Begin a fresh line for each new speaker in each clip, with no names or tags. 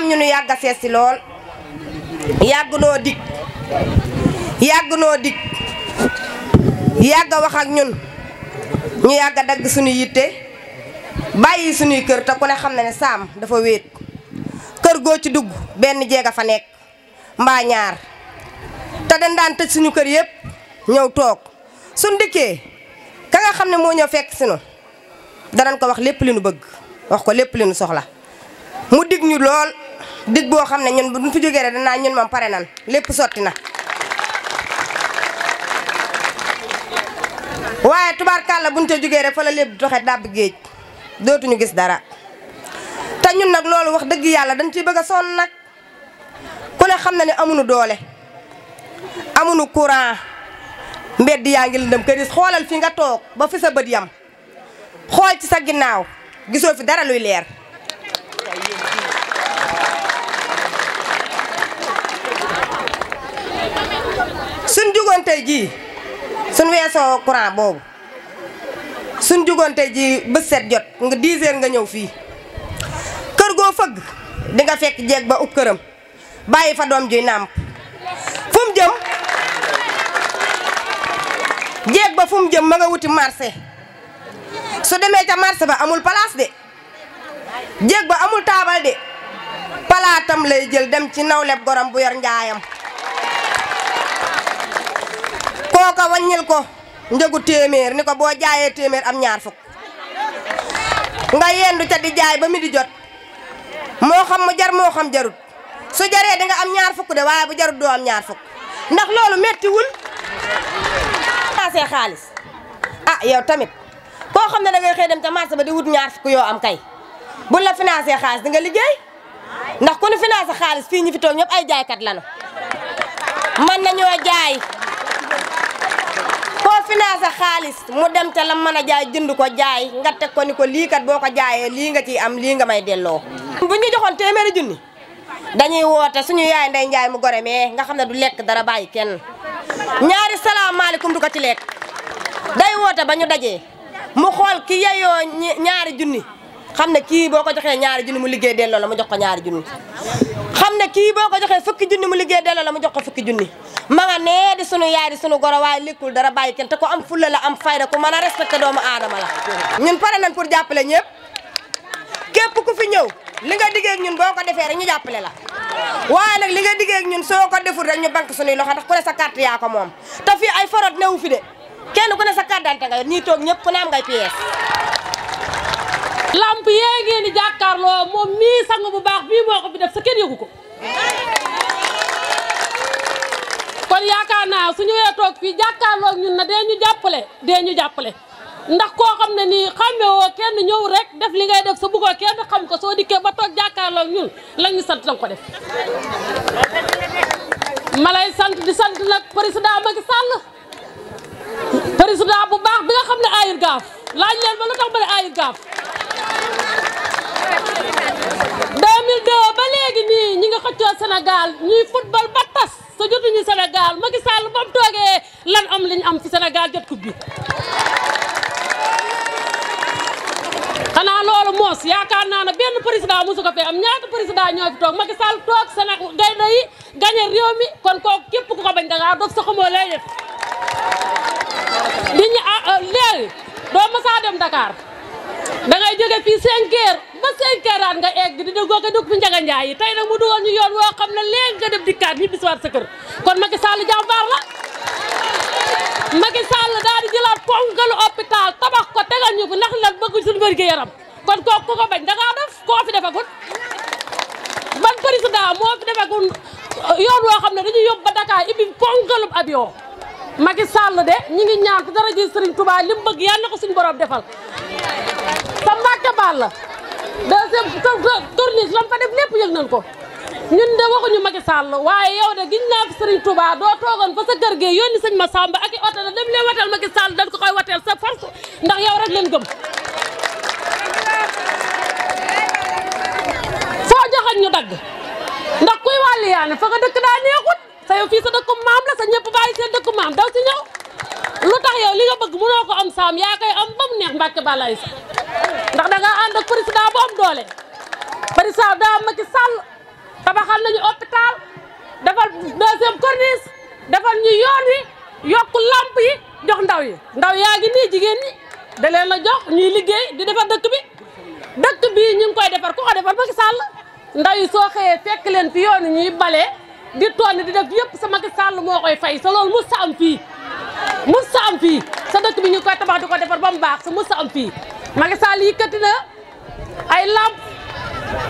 am ñu nu yàgg si lool yàgg noo yàgg noo dig yàgg a wax ak ñun ñu yàgg dagg suñu yitte bàyyi suñuy kër te ku ne xam na ne saam dafa wéet kër goo ci dugg benn jeeg a fa nekk mbaa ñaar te dañ tëj suñu kër yëpp ñow toog suñ dikkee ka nga xam ne moo ñëw fekk si nu danañ ko wax lépp li nu bëgg wax ko lépp li nu soxla mu dig ñu lool dig boo xam ne ñun buñ fi jógee rek danaa ñun moom pare nan lépp sotti na waaye tubaarkàlla buñ ca jógee rek fa la lépp doxe dàbb géej dootuñu gis dara te ñun nag loolu wax dëgg yàlla dañ ciy bëgg a sonn nag ku ne xam na ni amuñu doole amuñu courant mbedd yaa ngi lëndëm këris xoolal fii nga toog ba fi sa bët yam xool ci sa ginnaaw gisoo fi dara luy leer suñ jugoon tey jii suñ weesoo courant boobu suñ jugoon ji jii bés set jot nga 10 heures nga ñëw fii kër goo fëgg di nga fekk jeeg ba ub këram bàyyi fa doom juy nàmp fu mu jëm jeeg ba fu jëm ma nga wuti marché su demee ca marché ba amul place de jéeg ba amul taabal de palaatam lay jël dem ci nawleb gorom bu yor njaayam woo ko wàññil ko njëgu téeméer ni ko boo jaayee téeméer am ñaar fukk nga yendu ca di jaay ba mi di jot moo xam mu jar moo xam jarut su jaree di nga am ñaar fukk de waaye bu jarut doo am ñaar fukk ndax loolu mettiwul paasee xaalis ah yow tamit koo xam ne da ngay xëy dem ca marché ba di wut ñaar fukk yoo am kay bu la financé xaalis di nga liggéey ndax ku ñu financé xaalis fii ñi fi toog ñëpp ay jaaykat lanu man nañoo jaay financé xaalis mu dem te la mën a jaay jënd ko jaay nga teg ko ni ko lii kat boo ko jaayee lii nga ciy am lii nga may delloo. bu ñu joxoon téeméeri junni dañuy woote suñu yaay nday njaay mu gore mee nga xam ne du lekk dara bàyyi kenn ñaari salaamaaleykum du ko ci lekk day woote ba ñu dajee mu xool ki yeyoo ñaari junni xam ne kii boo ko joxee ñaari junni mu liggéey delloo la mu jox ko ñaari junni. xam ne kii boo ko joxee fukki junni mu liggéey delloo la mu jox ko fukki junni ma nga nee di sunu yaay di sunu goro waaye lekkul dara bàyyi kenn te ko am fulla la am fayda ko mën a respecté doomu aadama la ñun pare nañ pour jàppale ñëpp képp ku fi ñëw li nga diggee ak ñun boo ko defee rek ñu jàppale la waaye nag li nga diggee ak ñun soo ko deful rek ñu bank sunuy loxo ndax ku ne sa carte yaa ko moom te fi ay forot newu fi de kenn ku ne sa
carte d'identité nga toog ñëpp ku ne am lamp yee ngeen di jàkkaarloo moom mii sang bu baax bii moo def sa kenn yëgu ko yaakaar naa su ñëwee toog fii jàkkaarloo ñu jàppale ndax koo xam ne nii xàmmewoo kenn ñëw rek def def sa bëggoo kenn ko soo dikkee la ñu sant danga ko def bu baax bi xam ne ayir gaaf laaj leen ba lu tax ba ne ayir gaaf 2002 ba léegi nii ñi nga xëccoo Sénégal ñuy football ba tas sa jotuñu Sénégal Macky Sall ba lan am li am ci senegal jot coupe bi xanaa loolu moos yaakaar naa ne benn président mosu ko fee am ñaata président ñoo fi toog Macky toog Sénégal gaynde yi gañe réew mi kon kooku képp ku ko bañ da ngaa dof sa xamoo lay def di ñu ah, euh, léegi doo mësaa dem Dakar jóge fii cinq heures ba cinq heures nga egg di dëggoo ko dugg fi Njaga Njaay yi tey nag mu dugal ñu yoon woo xam ne léegi nga dem dikkaat ñibbi si waat sa kër kon Macky Sall jàmbaar la Macky Sall daal di jëlaat ponkalu hôpital tabax ko tegal ñu ko ndax lan bëgg suñu wér gi yaram kon kooku ku ko bañ da ngaa def koo fi defagul ban président moo fi defagul yoon woo xam ne dañuy yóbbu ba Dakar ibbi ponkalu avion Macky Sall de ñu ngi ñaan dara ji Serigne Touba li mu Sall deuxième tournée lan fa def lépp yëg nañ ko ñun de waxuñu Macky Sall waaye yow de giñ naa fi Serigne doo toogoon fa sa kër gee yónni sëñ Massamba ak i oto la dem leen wateel Macky Sall dañ ko koy wateel sa force ndax yow rek leen gëm foo joxañ dagg ndax kuy wàlli yaane fa dëkk daa neexut sa yow fii sa dëkku maam la sa ñëpp bàyyi seen dëkku maam daw si ñëw lu tax yow li nga bëgg mënoo ko am saam yaa koy am ba mu neex Mbàkke balay sa ndax da nga ànd ak président bu am doole président daa Macky Sall tabaxal nañu hôpital defal deuxième corniche defal ñu yoon wi yokk lamp yi jox ndaw yi ndaw yaa ngi nii jigéen ñi da leen a jox ñuy liggéey di defar dëkk bi dëkk bii ñu ngi koy defar ku ko defar Macky Sall ndaw yi soo xëyee fekk leen fi yoon ñuy bale di toon di def yëpp sa Macky Sall moo koy fay sa loolu mus sa am fii mus sa am fii sa dëkk bi ñu koy tabax di ko defar ba mu baax sa mus sa am fii Macky Sall yëkkati na ay lamp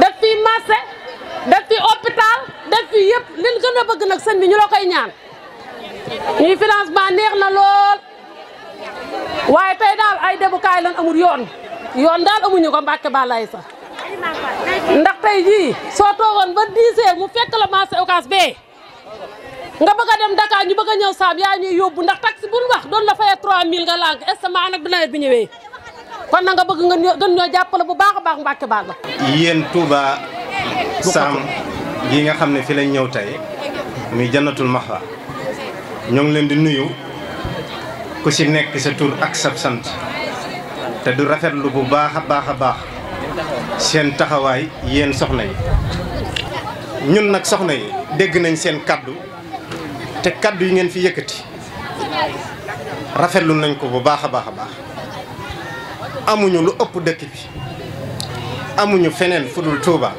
def fii marché def fii hôpital def fii yëpp li ñu gën a bëgg nag sëñ bi ñu la koy ñaan ñuy financement neex na lool waaye tey daal ay debukaay lan amul yoon yoon daal amuñu ko Mbàkke laay sax ndax tey jii soo toogoon ba 10 mu fekk la marché Ocass bee nga bëgg a dem Dakar ñu bëgg a ñëw saam yaa ñuy yóbbu ndax taxi bu ñu wax doon la fayee 3000 nga lànk est ce que maanaam bu nawet bi ñëwee. kon na nga bëgg nga gën ñoo jàppale bu baax a baax Mbàkke baal la
yéen Touba Sam yi nga xam ne fi lañ ñëw tey muy janatul maxwa ñoo ngi leen di nuyu ku ci nekk sa tur ak sab sant te du rafetlu bu baax a baax a baax seen taxawaay yéen soxna yi ñun nag soxna yi dégg nañ seen kàddu te kàddu yi ngeen fi yëkkati rafetlu nañ ko bu baax a baax a baax amuñu lu ëpp dëkk bi amuñu feneen fu dul Touba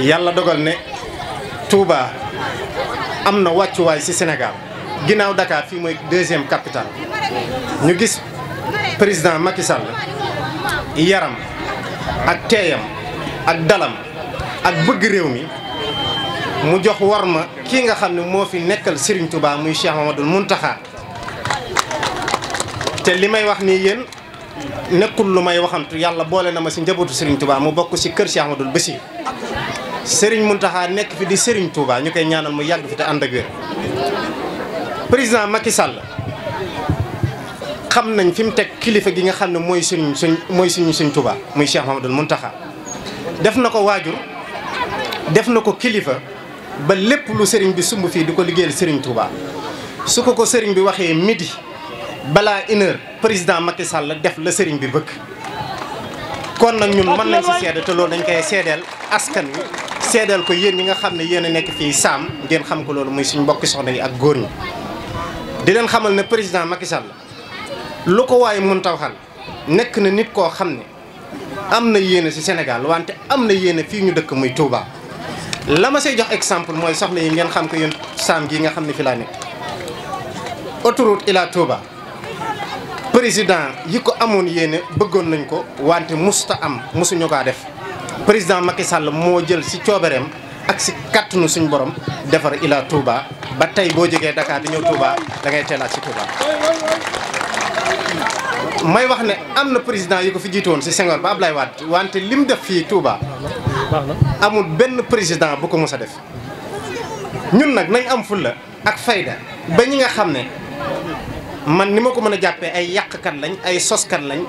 yàlla dogal ne Touba am na wàccuwaay ci senegal ginnaaw dakaar fii mooy deuxième capitale ñu gis président Macky yaram ak teeyam ak dalam ak bëgg réew mi mu jox war ma kii nga xam ne moo fi nekkal Serigne Touba muy Cheikh Mamadou Mountakha te li may wax nii yéen. nekkul lu may waxantu yàlla boole na ma si njabootu Serigne Touba mu bokk si kër Cheikh Ahmadoul Bassir mun taxaa nekk fi di sëriñ Touba ñu koy ñaanal mu yàgg fi te ànd ak wér président Macky Sall xam nañ fi mu teg kilifa gi nga xam ne mooy suñ suñ mooy suñ suñ Touba muy Cheikh Ahmadoul Mountakha def na ko waajur def na ko kilifa ba lépp lu Serigne bi sumb fii di ko liggéeyal Serigne Touba su ko ko sëriñ bi waxee midi. balaa une heure président Macky la def la sëriñ bi bëgg kon nag ñun mën nañ si seede te loolu dañ koy seedeel askan wi seedeel ko yéen yi nga xam ne yéen a nekk fii saam ngeen xam ko loolu muy suñ mbokki soxna yi ak góor ñi di leen xamal ne président Macky Sall lu ko waaye mun taw xal nekk na nit koo xam ne am na yéene si Sénégal wante am na yéene fii ñu dëkk muy Touba la ma say jox exemple mooy soxna yi ngeen xam ko yéen saam gi nga xam ne fii laa nekk autoroute ila président yi ko amoon yéene bëggoon nañ ko wante musta am mosuñu kaa def président Macky Sall moo jël si coobareem ak si kàttanu suñ borom defar Ila Touba ba tey boo jógee Dakar di ñëw Touba da ngay teelaat si Touba. may wax ne am na président yi ko fi jiitu woon si Senghor ba Ablaye Wade wante li mu def fii Touba amul benn président bu ko mos a def ñun nag nañ am fulla ak fayda ba ñi nga xam ne. man ni ma ko mën a jàppee ay kan lañ ay soskat lañ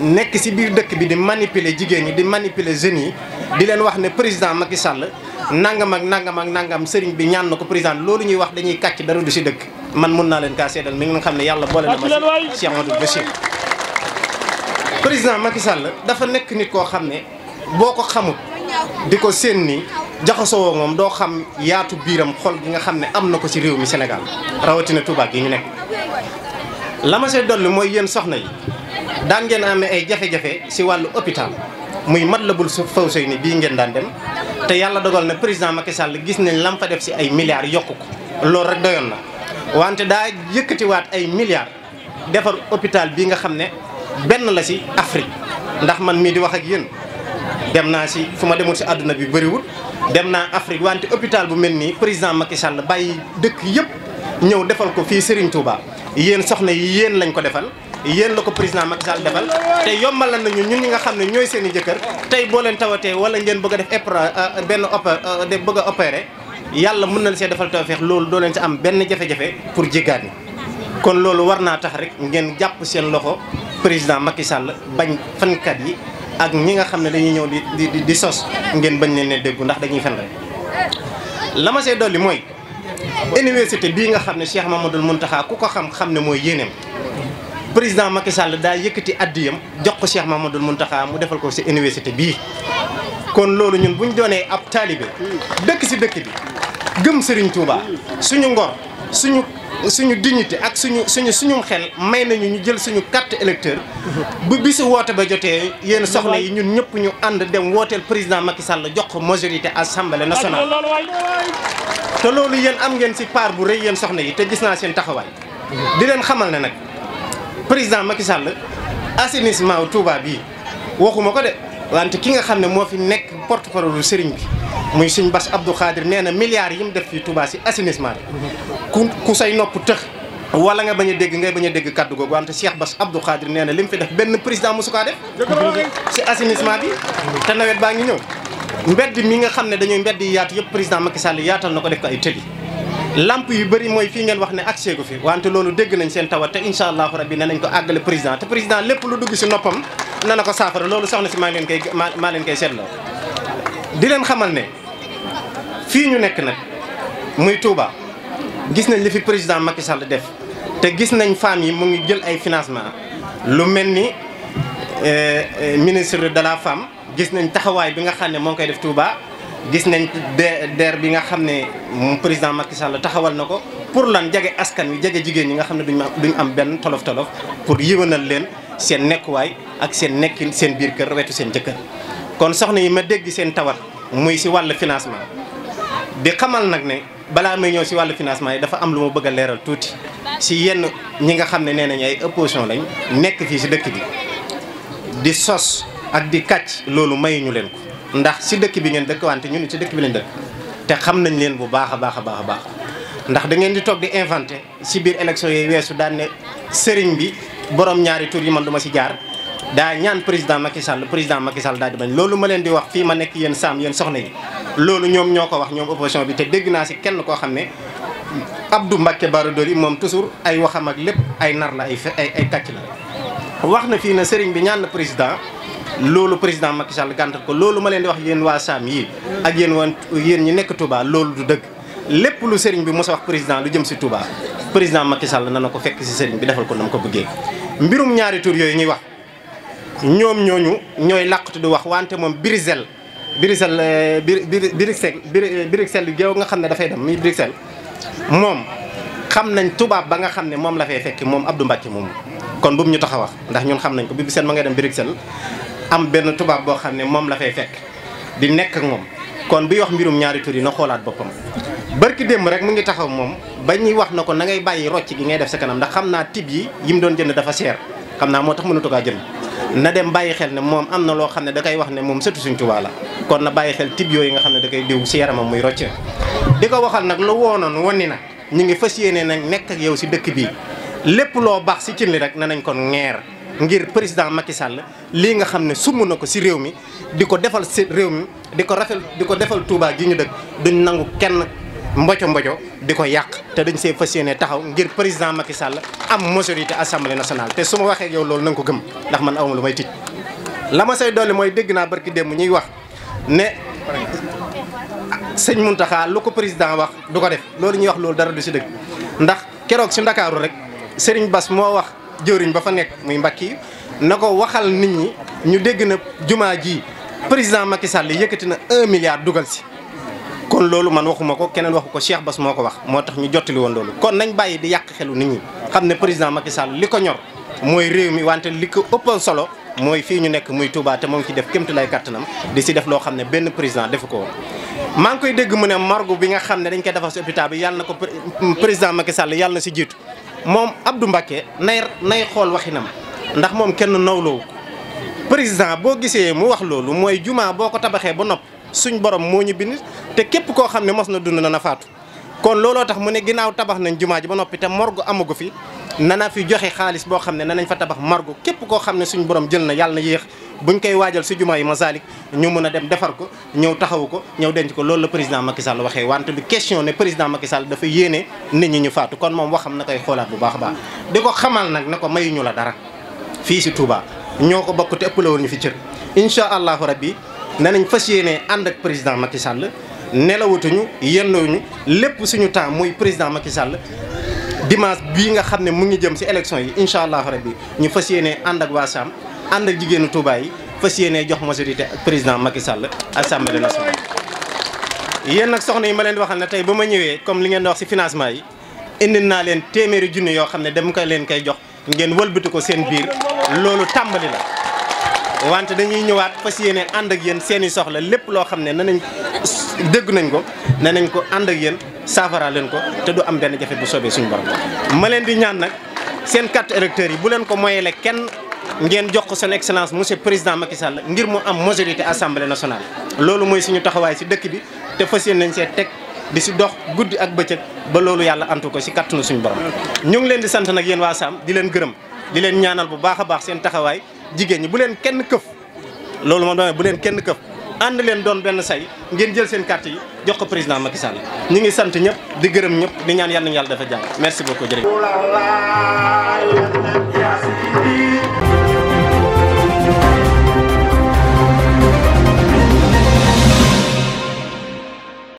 nekk ci biir dëkk bi di manipuler jigéen ñi di manipuler jeunes yi di leen wax ne président Macky Sall nangam ak nangam ak nangam sëriñ bi ñaan na ko président loolu ñuy wax dañuy kàcc dara du ci dëkk. man mun naa leen kaa seedal mi ngi xam ne yàlla boole na ma
ci
Cheikh Amadou Bachir président Macky Sall dafa nekk nit koo xam ne boo ko xamut di ko séen nii jaxasoo moom doo xam yaatu biiram xol gi nga xam ne am na ko ci réew mi Sénégal rawatina Touba gi ñu nekk. la ma see dolli mooy yéen soxna yi daan ngeen amee ay jafe-jafe si wàllu hôpital muy mat Matlaboul Fawzayni bii ngeen daan dem te yàlla dogal na président Macky Sall gis nañ lam fa def si ay milliards yokku ko loolu rek doyoon na wante daa yëkkatiwaat ay milliards defar hôpital bi nga xam ne benn la si Afrique ndax man mii di wax ak yéen dem naa si fu ma demul ci àdduna bi bëriwul dem naa Afrique wante hôpital bu mel nii président Macky Sall bàyyi dëkk yëpp ñëw defal ko fii Serigne Touba. yéen soxna yi yéen lañ ko defal yéen la ko président Macky defal te yombal la nañu ñun ñi nga xam ne ñooy seen i jëkkër tey boo leen tawatee wala ngeen bëgg a def épreuve euh, benn opé euh, bëgg a opéré yàlla mun na la see defal tawfeex loolu doo leen si am benn jafe-jafe pour jéggaani kon loolu war naa tax rek ngeen jàpp seen loxo président Macky Sall bañ fankat yi ak ñi nga xam ne dañuy ñëw di di di sos ngeen bañ leen ne déggu ndax dañuy fen rek la ma dolli mooy. université bii nga xam ne Cheikh mun Mountakha ku ko xam xam ne mooy yéeneem président Macky Sall daa yëkkati addiyam jox ko Cheikh Mamadou Mountakha mu defal ko si université bii. kon loolu ñun bu ñu doonee ab taalibe dëkk si dëkk bi gëm Serigne Touba suñu ngor suñu. suñu dignité ak suñu suñu suñu xel may nañu ñu jël suñu carte électeur bi si woote ba jotee yéen soxna yi ñun ñëpp ñu ànd dem wooteel président Macky Sall jox ko majorité assemblée nationale. te loolu yéen am ngeen si part bu rëy yéen soxna yi te gis naa seen taxawaay. di leen xamal ne nag président Macky Sall assainissement Touba waxuma ko de wante ki nga xam ne moo fi nekk porte-parole Serigne bi. muy suñ bas Abdou Khadir nee na milliards yi mu def fii Touba si assainissement bi ku ku say nopp tëx wala nga bañ a dégg ngay bañ a dégg kaddu googu wante Cheikh Bass Abdou Khadir nee na li mu fi def benn président mosu kaa def si assainissement bi te nawet baa ngi ñëw mbedd mi nga xam ne dañuy mbedd yi yaatu yëpp président Macky Sall yaatal na ko def ko ay tëli lamp yu bëri mooy fii ngeen wax ne accès gu fi wante loolu dégg nañ seen tawat te incha allahu rabbi ne nañ ko àggale président te lépp lu dugg si noppam na na ko saafara loolu soxna si maa leen koy maa leen koy seetloo di leen xamal ne fii ñu nekk nag muy Touba gis nañ li fi président Macky def te gis nañ femmes yi mu ngi jël ay financement lu mel ni euh, euh, ministre de la femme gis nañ taxawaay bi nga xam ne moo ngi koy def Touba gis nañ DER bi nga xam ne président Macky taxawal na ko pour lan jege askan wi jege jigéen ñi nga xam ne duñ duñ am benn tolof tolof pour yëwanal leen seen nekkuwaay ak seen nekkin seen biir kër wetu seen jëkkër kon soxna yi ma dégg seen tawal muy si wàll financement di xamal nag ne balaa may ñëw si wàllu financement yi dafa am lu ma bëgg leeral tuuti si yenn ñi nga xam ne nee nañu ay opposition lañ nekk fii si dëkk bi di sos ak di kàcc loolu mayuñu leen ko ndax si dëkk bi ngeen dëkk wante ñun si dëkk bi lañ dëkk te xam nañ leen bu baax a baax a baax a baax ndax da ngeen di toog di inventé si biir élection yooyu weesu daan ne sëriñ bi borom ñaari tur yi man du si jaar daa ñaan président Macky Sall président Macky Sall daal di bañ loolu ma leen di wax fii ma nekk yéen saam yéen soxna yi loolu ñoom ñoo ko wax ñoom opposition bi te dégg naa si kenn koo xam ne Abdou Mbacke Bara Dolly moom toujours ay waxam ak lépp ay nar la ay ay ay kàcc la. wax na fii ne sëriñ bi ñaan na président loolu président Macky Sall gàntal ko loolu ma leen di wax yéen waa Saam yii ak yéen woon yéen ñi nekk Touba loolu du dëgg lépp lu sëriñ bi mos wax président lu jëm si Touba président Macky Sall na na ko fekk si sëriñ bi defal ko na ko bëggee mbirum ñaari tur yooyu ñuy wax ñoom ñooñu ñooy làqatu du wax wante moom Birizel. Bruxelles euh, Bruxelles euh, Bruxelles géew nga xam ne dafay dem muy Bruxelles moom xam nañ tubaab ba nga xam ne moom la fay fekk moom ab du Mbacke moom kon bu mu ñu tax a wax ndax ñun xam nañ ko bi seen ma ngay dem Bruxelles am benn tubaab boo xam ne moom la fay fekk di nekk ak moom kon buy wax mbirum ñaari tur yi na xoolaat boppam barki démb rek mu ngi taxaw moom ba ñuy wax na ko na ngay bàyyi rocc gi ngay def sa kanam ndax xam naa tib yi yi mu doon jënd dafa seer xam naa moo tax mënatu kaa jënd na dem bàyyi xel ne moom am na loo xam ne da wax ne moom sëtu Sëriñ Tuubaa la kon na bàyyi xel tib yooyu nga xam ne da koy diw si yaramam muy rocc di ko waxal nag lu woonoon wonni na ñu ngi fas yéene nañ nekk ak yow si dëkk bii lépp loo baax si cin li rek ne nañ ko ŋeer ngir président Macky Sall lii nga xam ne sumb na ko si réew mi di ko defal si réew mi di ko rafet di ko defal Touba gi ñu dëkk duñ nangu kenn mboco mboco di ko yàq te dañ see fas yéene taxaw ngir président Macky Sall am majorité assemblée nationale te su ma waxee yow loolu na ko gëm ndax man awma lu may tiit la ma say dolli mooy dégg naa barki démb ñuy wax ne sëñ Mountakha lu ko président wax du ko def loolu ñuy wax loolu dara du si dëgg ndax keroog si Ndakaaru rek Serigne bas moo wax jëwriñ ba fa nekk muy Mbacke na ko waxal nit ñi ñu dégg na jumaa ji président Macky Sall yëkkati na un milliard dugal si kon loolu man waxuma ko keneen waxu ko Cheikh Bass moo ko wax moo tax ñu jottali woon loolu kon nañ bàyyi di yàq xelu nit ñi xam ne président Macky Sall li ko ñor mooy réew mi li ko ëppoon solo mooy fii ñu nekk muy Touba te moo ngi ci def kémtu lay kattanam di si def loo xam ne benn président defu ko maa ngi koy dégg mu ne morgue bi nga xam ne dañ koy defar si hôpital bi yàlla na ko président Macky Sall yàlla si jiitu moom Abdou Mbacké nay nay xool waxinam ndax moom kenn nawloowu président boo gisee mu wax loolu mooy jumaa boo ko tabaxee ba nopp suñ borom moo ñu bind te képp koo xam ne mos na dund na faatu kon looloo tax mu ne ginnaaw tabax nañ jumaa ji ba noppi te morgu amagu fi nana fi joxe xaalis boo xam ne nanañ fa tabax morgu képp koo xam ne suñ borom jël na yàlla na yéex buñ koy waajal si jumaa yi Masalik ñu mën a dem defar ko ñëw taxawu ko ñëw denc ko loolu la président Macky Sall waxee wante du question ne président Macky Sall yéene nit ñi ñu faatu kon moom waxam na koy xoolaat bu baax a baax di ko xamal nag ne ko mayuñu la dara fii si Touba ñoo ko bokk te ëpp la woon ñu fi cër incha allahu rabbi ne nañ fas yéene ànd ak président Macky Sall nelawatuñu yendooñu lépp suñu temps muy président Macky Sall dimanche bii nga xam ne mu ngi jëm si élection yi incha allahu rabbi ñu fas yéene ànd ak waa Sam ànd ak jigéenu Touba yi fas yéene jox majorité ak président Macky Sall assemblée nationale. yéen nag soxna yi ma leen di waxal ne tey ba ma ñëwee comme li ngeen dox wax si financement yi indi naa leen téeméeri junni yoo xam ne dama koy leen koy jox ngeen wëlbati ko seen biir loolu tàmbali la. wante dañuy ñëwaat fas yéene ànd ak yéen seeni soxla lépp loo xam ne nañ dëgg nañ ko ne nañ ko ànd ak yéen saafara leen ko te du am benn jafe bu soobee suñu borom ma leen di ñaan nag seen carte électeur yi bu leen ko moyele kenn ngeen jox ko son excellence monsieur président Macky Sall ngir mu am majorité assemblée nationale loolu mooy suñu taxawaay si dëkk bi te fas yéene nañ see teg di si dox guddi ak bëccëg ba loolu yàlla antu ko si kattanu suñu borom ñu ngi leen di sant nag yéen waa Sam di leen gërëm di leen ñaanal bu a baax seen taxawaay jigéen ñi bu leen kenn këf loolu moom damay bu leen kenn këf ànd leen doon benn say ngeen jël seen carte yi jox ko président Macky Sall ñu ngi sant ñëpp di gërëm ñëpp di ñaan yàlla na yàlla dafa jàmm merci beaucoup jërëjëf